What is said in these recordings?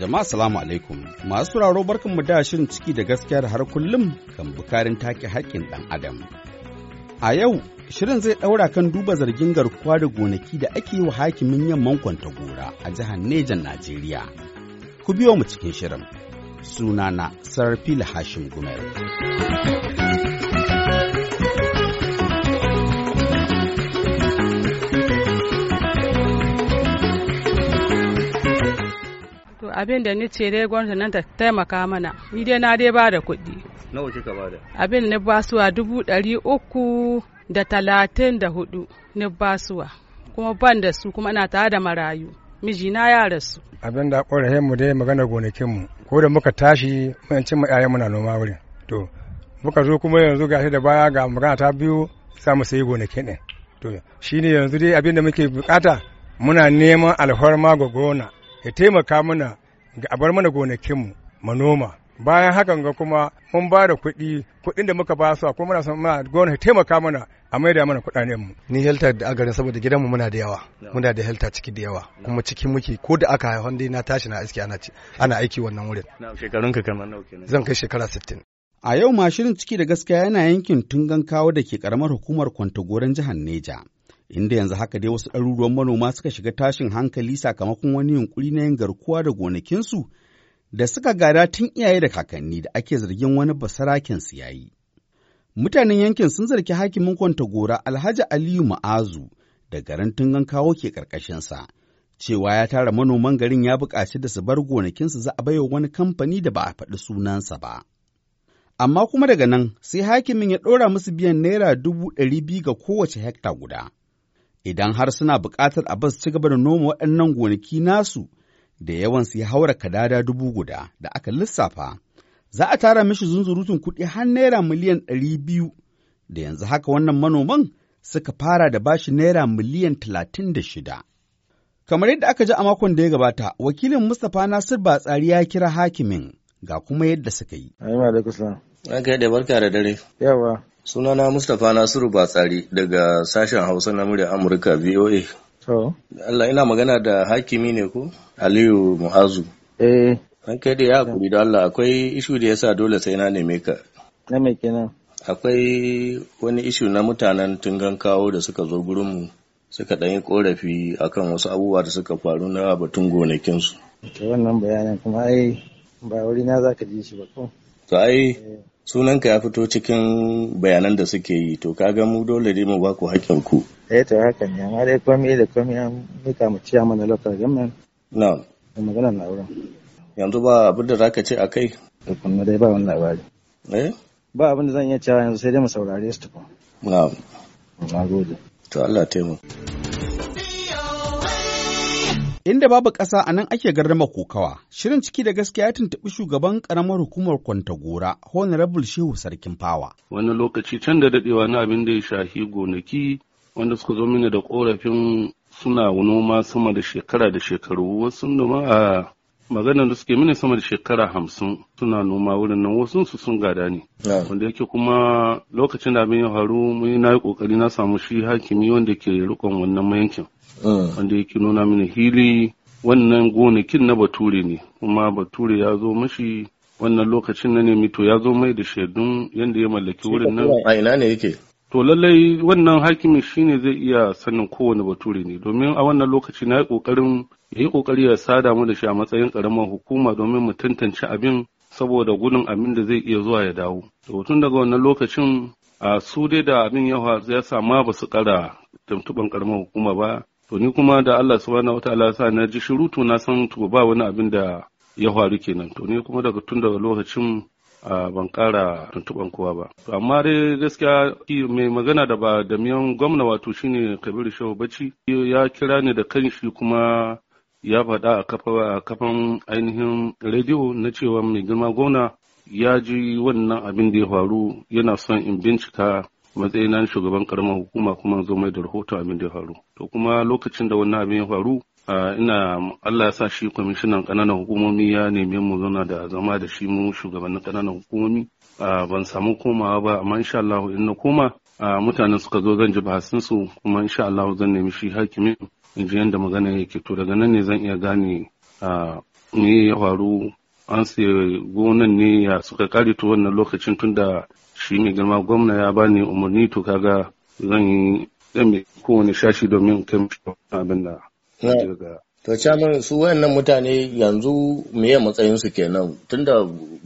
Jama'a salamu alaikum masu barkan barkanmu da shirin ciki da gaskiya har kullum kan bukarin take haƙƙin ɗan adam. A yau shirin zai ɗaura kan duba zargin garkuwa da gonaki da ake yi wa hakimin yamman kwanta gora a jihar Nejan Najeriya. Ku biyo mu cikin shirin. sunana sarfil hashim gumer abin da ni ce dai gwamnati nan ta taimaka mana ni dai na dai ba da kuɗi nawa kika ba da abin na dubu ɗari uku da talatin da hudu na basuwa kuma ban da su kuma na tare da marayu mijina ya rasu abin da ƙorafin mu dai magana gonakin mu ko da muka tashi mun ci mu ƴaƴan muna noma wurin to muka zo kuma yanzu gashi da baya ga magana ta biyu za mu sayi gonakin ɗin to shine yanzu dai abin da muke bukata muna neman alfarma ga gona ya taimaka mana ga abar mana gonakinmu mu noma bayan hakan ga kuma mun ba da kuɗi kuɗin da muka ba su a kuma muna son muna gona ya taimaka mana a maida mana kuɗaɗen mu ni helta da agari saboda gidanmu muna da yawa muna da helta ciki da yawa kuma cikin muke ko da aka haihu dai na tashi na aiki ana ana aiki wannan wurin shekarun ka kamar nawa kenan zan kai shekara 60 a yau ma shirin ciki da gaskiya yana yankin tungan kawo da ke karamar hukumar kwantagoran jihar Neja inda yanzu haka dai wasu ɗaruruwan manoma suka shiga tashin hankali sakamakon wani yunkuri na yin garkuwa da gonakinsu da suka gada tun iyaye da kakanni da ake zargin wani basarakin su yayi. Mutanen yankin sun zargi hakimin kwanta gora Alhaji Aliyu Ma'azu da garin Tungan kawo ke ƙarƙashinsa, cewa ya tara manoman garin ya buƙaci da su bar gonakinsu za a baiwa wani kamfani da ba a faɗi sunansa ba. Amma kuma daga nan sai hakimin ya ɗora musu biyan naira dubu ɗari biyu ga kowace hekta guda. Idan har suna buƙatar a bas cigaba da noma waɗannan gonaki nasu da yawan su ya haura kadada dubu guda da aka lissafa. za a tara mishi zunzurutun kuɗi har naira miliyan ɗari biyu da yanzu haka wannan manoman suka fara da bashi naira miliyan talatin da shida. Kamar yadda aka ji a makon da ya gabata, wakilin Mustapha Nasir Batsari ya kira hakimin ga kuma yadda suka yi. Ayyuma kusa. Ya kai da barka da dare. Yawa. Sunana Mustapha Nasiru Batsari daga sashen Hausa na murya Amurka VOA. To. Allah ina magana da hakimi ne ko? Aliyu Mu'azu. Eh. an kai da ya hakuri da Allah akwai ishu da ya sa dole sai na neme ka na me kenan akwai wani ishu na mutanen tungan kawo da suka zo gurinmu suka ɗan yi korafi akan wasu abubuwa da suka faru na batun gonakinsu Ta wannan bayanin kuma ai ba wuri na za ka ji shi ba ko to ai eh. sunanka ya fito cikin bayanan da suke yi to kaga mu dole ne mu baku haƙƙin ku eh to haka ne amma dai komai da komai an mika mu ciya mana lokacin government na'am maganar na wurin yanzu ba abin da zaka ce a kai dai ba wani labari eh ba abin da zan iya cewa yanzu sai dai mu saurare su tukun na'am na gode to Allah taimu Inda babu ƙasa a nan ake gardama kokawa, shirin ciki da gaskiya ya tuntuɓi shugaban ƙaramar hukumar Kwantagora, Honorable Shehu Sarkin Fawa. Wani lokaci can da daɗewa na abin da ya shahi gonaki wanda suka zo mini da korafin suna noma sama da shekara da shekaru wasu noma a maganar da suke mini sama da shekara hamsin suna noma wurin nan wasu su sun gada ne wanda yake kuma lokacin da abin ya faru mun na yi kokari na samu shi hakimi wanda ke rikon wannan mayankin hmm. wanda yake nuna mini hili wannan gonakin na bature ne kuma bature ya zo mashi wannan lokacin na nemi to ya zo mai da shaidun yadda ya mallaki wurin nan a ina ne yake to lallai wannan hakimin shine zai iya sanin kowane bature ne domin a wannan lokaci na yi kokarin ya yi kokari ya sada mu da shi a matsayin karamar hukuma domin mu tantance abin saboda gudun abin da zai iya zuwa ya dawo to tun daga wannan lokacin a su dai da abin yawa ya sama ba su kara tuntuban karamar hukuma ba to ni kuma da Allah subhanahu wataala sa na ji shiru to na san to ba wani abin da ya faru kenan to ni kuma daga tun daga lokacin A ban kara tuntuban kowa ba to amma dai gaskiya mai magana da ba da miyan gwamna wato shine kabiru shehu bacci ya kira ni da kanshi kuma ya faɗa a kafan ainihin rediyo na cewa mai girma gwamna ya ji wannan abin da ya faru yana son in bincika matsayina shugaban karamar hukuma kuma zo mai da rahoton abin da ya faru to kuma lokacin da wannan abin ya faru Ah, ina Allah ya sa shi kwamishinan ƙananan hukumomi ya neme mu zauna da zama da shi mu shugabannin ƙananan hukumomi ah, ban samu komawa ba amma insha Allah in na koma ah, mutanen suka zo zan ji bahasin su kuma insha Allah zan nemi shi hakimin in ji yadda magana yake to daga nan ne zan iya gane me ya faru an sai gonan ne ya suka kare to wannan lokacin tunda shi ne girma gwamna ya bani umarni to kaga zan yi zan kowane shashi domin kai abin da To chairman su wayannan mutane yanzu meye matsayin su kenan tunda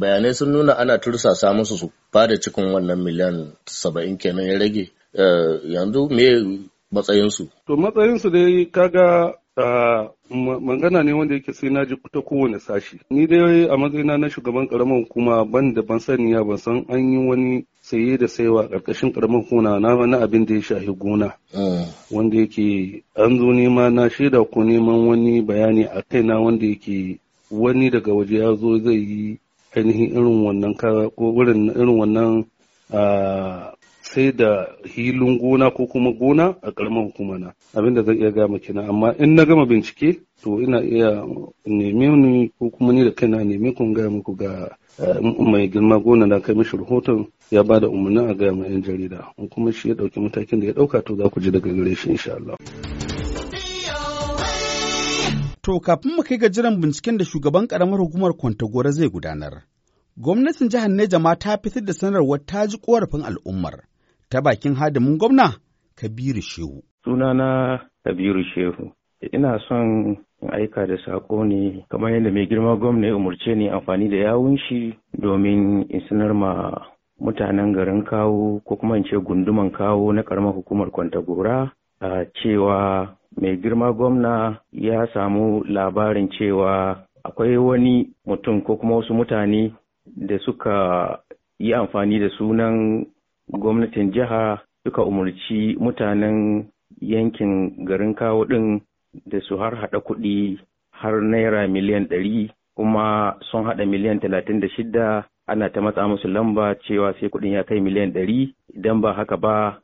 bayanai sun nuna ana tursasa musu su fada cikin wannan miliyan saba'in kenan ya rage eh, yanzu meye matsayin su. To matsayin su dai kaga eh, mangana ne wanda yake sai na ji ta kowane sashi. Ni dai a matsayina na shugaban karamar hukuma ban da ban saniya ban san an yi wani saye da saiwa ƙarƙashin ƙaramin kuna na abin da ya shahi gona ah. wanda yake an zo nema na shaida ko neman wani bayani a kai na wanda yake wani daga waje ya zo zai yi ainihin irin wannan ko irin wannan ah, sai da hilin gona ko kuma gona a karamar hukumana, na abin da zan iya gama kina amma in na gama bincike to ina iya neme ni ko kuma ni da kaina neme kun gaya muku ga eh, mai girma gona na kai mishi rahoton ya ba da umarnin a gaya ma 'yan jarida kuma shi ya ɗauki matakin da ya ɗauka to za ku ji daga gare shi insha Allah. To kafin mu kai ga jiran binciken da shugaban karamar hukumar Kwantagora zai gudanar, gwamnatin jihar Neja ma ta fitar da sanarwar ta ji korafin al'ummar ta bakin hadimin gwamna Kabiru Shehu. Sunana Kabiru Shehu. Ina son in aika da saƙo ne kamar yadda mai girma gwamna ya umarce ni amfani da yawun shi domin in sanar ma mutanen garin kawo ko kuma in ce gunduman kawo na karamar hukumar kwantagora a cewa mai girma gwamna ya samu labarin cewa akwai wani mutum ko kuma wasu mutane da suka yi amfani da sunan gwamnatin jiha suka umarci mutanen yankin garin kawo ɗin da su har haɗa kuɗi har naira miliyan ɗari kuma sun haɗa miliyan talatin da shidda, ana ta matsa musu lamba cewa sai kuɗin ya kai miliyan ɗari idan ba haka ba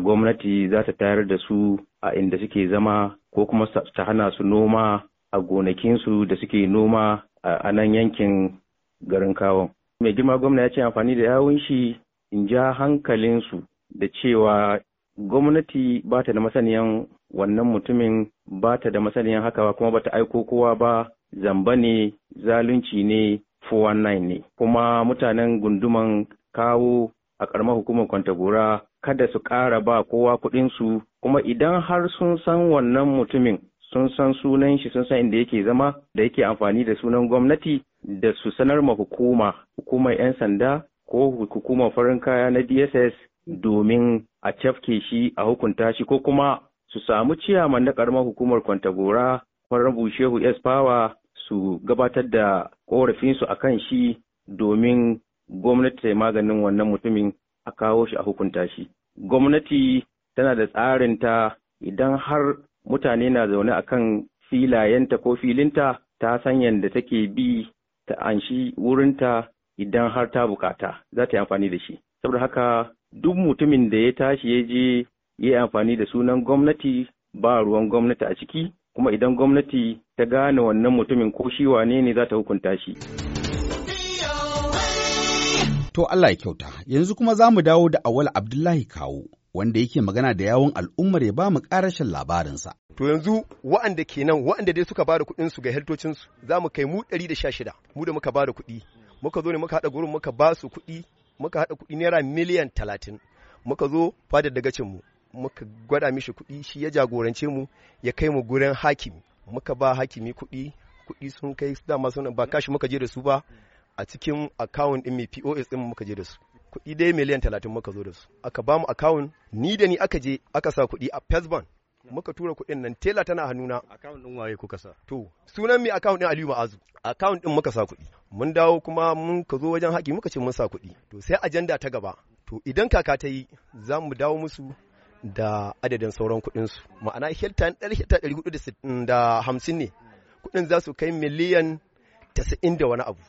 gwamnati za ta tayar da su a inda suke zama ko kuma ta hana su noma a gonakinsu da suke noma a nan yankin garin kawon. mai girma gwamna ya ce amfani da yawun shi in ja hankalinsu da cewa gwamnati ba ta da masaniyan wannan mutumin ba ta da masaniyan haka ba kuma ba ta aiko kowa ba zamba ne zalunci ne 419 ne kuma mutanen gunduman kawo a ƙaramar hukumar kwantagora kada su ƙara ba kowa kuɗinsu kuma idan har sun san wannan mutumin sun san sunan shi sun san inda yake zama da yake amfani da sunan gwamnati da su sanar ma hukuma hukumar 'yan sanda ko hukumar farin kaya na DSS mm. domin a cafke shi a hukunta shi ko kuma su samu ciyaman na karamar hukumar Kwantagora farin Shehu S. Power su gabatar da korafinsu a kan shi domin gwamnati ta maganin wannan mutumin a kawo shi a hukunta shi. Gwamnati tana da tsarinta idan har mutane na zaune a kan filayenta ko filinta ta san yadda take bi ta anshi wurinta idan har ta bukata za ta yi amfani da shi saboda haka duk mutumin da ya tashi ya je ya yi amfani da sunan gwamnati ba ruwan gwamnati a ciki kuma idan gwamnati ta gane wannan mutumin ko shi wane ne za ta hukunta shi. To Allah ya kyauta, yanzu kuma za mu dawo da awal Abdullahi Kawo, wanda yake magana da yawon al'ummar ya ba mu ƙarashin labarinsa. To yanzu wa'anda kenan wa'anda dai suka ba da kuɗinsu ga heltocinsu za mu kai mu ɗari da sha shida, mu da muka ba da kuɗi muka zo ne muka haɗa gurin muka ba su kuɗi muka haɗa kuɗi naira miliyan talatin muka zo fadar dagacin mu muka gwada mishi kuɗi shi ya jagorance mu ya kai mu gurin hakimi muka ba hakimi kuɗi kuɗi sun kai dama sun ba kashi muka je da su ba a cikin akawun ɗin mai POS ɗin muka je da su kuɗi dai miliyan talatin muka zo da su aka ba mu akawun ni da ni aka je aka sa kuɗi a Pesban muka tura kuɗin nan tela tana hannuna account din waye kuka sa to sunan mi account din Aliyu Ma'azu account din muka sa kuɗi mun dawo kuma mun ka zo wajen haƙi muka ce mun sa kuɗi to sai agenda ta gaba to idan kaka ta yi za mu dawo musu da adadin sauran kuɗinsu ma'ana heltan ɗari helta ɗari hudu da hamsin ne kuɗin za su kai miliyan tasa'in da wani abu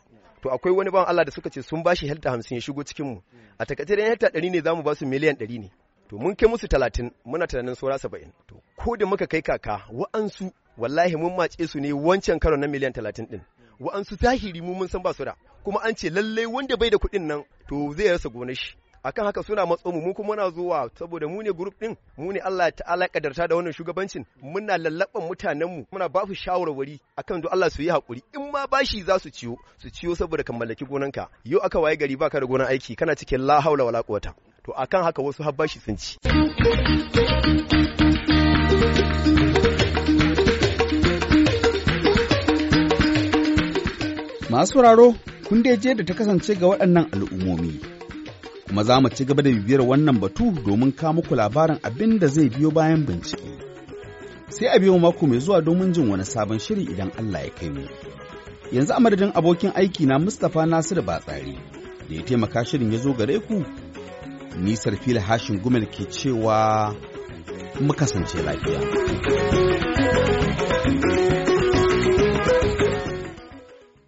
to akwai wani ban Allah da suka ce sun bashi helta hamsin ya shigo cikinmu a takaice da helta ɗari ne za mu ba su miliyan ɗari ne to mun kai musu talatin muna tunanin saura saba'in to ko da muka kai kaka wa'ansu wallahi mun mace su ne wancan karo na miliyan talatin din wa'ansu zahiri mun san ba su da kuma an ce lallai wanda bai da kuɗin nan to zai rasa gonar shi akan haka suna matso mu mun kuma na zuwa saboda mu ne group din mu ne Allah ta'ala kadarta da wannan shugabancin muna lallaban mutanen mu muna ba su shawarwari akan do Allah su yi hakuri in ma bashi za su ciyo su ciyo saboda kan mallaki ka yau aka waye gari baka da gonan aiki kana cikin la haula wala quwata to akan haka wasu har bashi sun ci Masu sauraro kun dai da ta kasance ga waɗannan al'ummomi. Kuma za mu ci gaba da bibiyar wannan batu domin ka muku labarin abin da zai biyo bayan bincike. Sai a biyo mako mai zuwa domin jin wani sabon shiri idan Allah ya kai mu. Yanzu a madadin abokin aiki na Mustapha Nasiru Batsari da ya taimaka shirin ya zo gare ku. Nisar fila hashin gumel ke cewa mu kasance lafiya.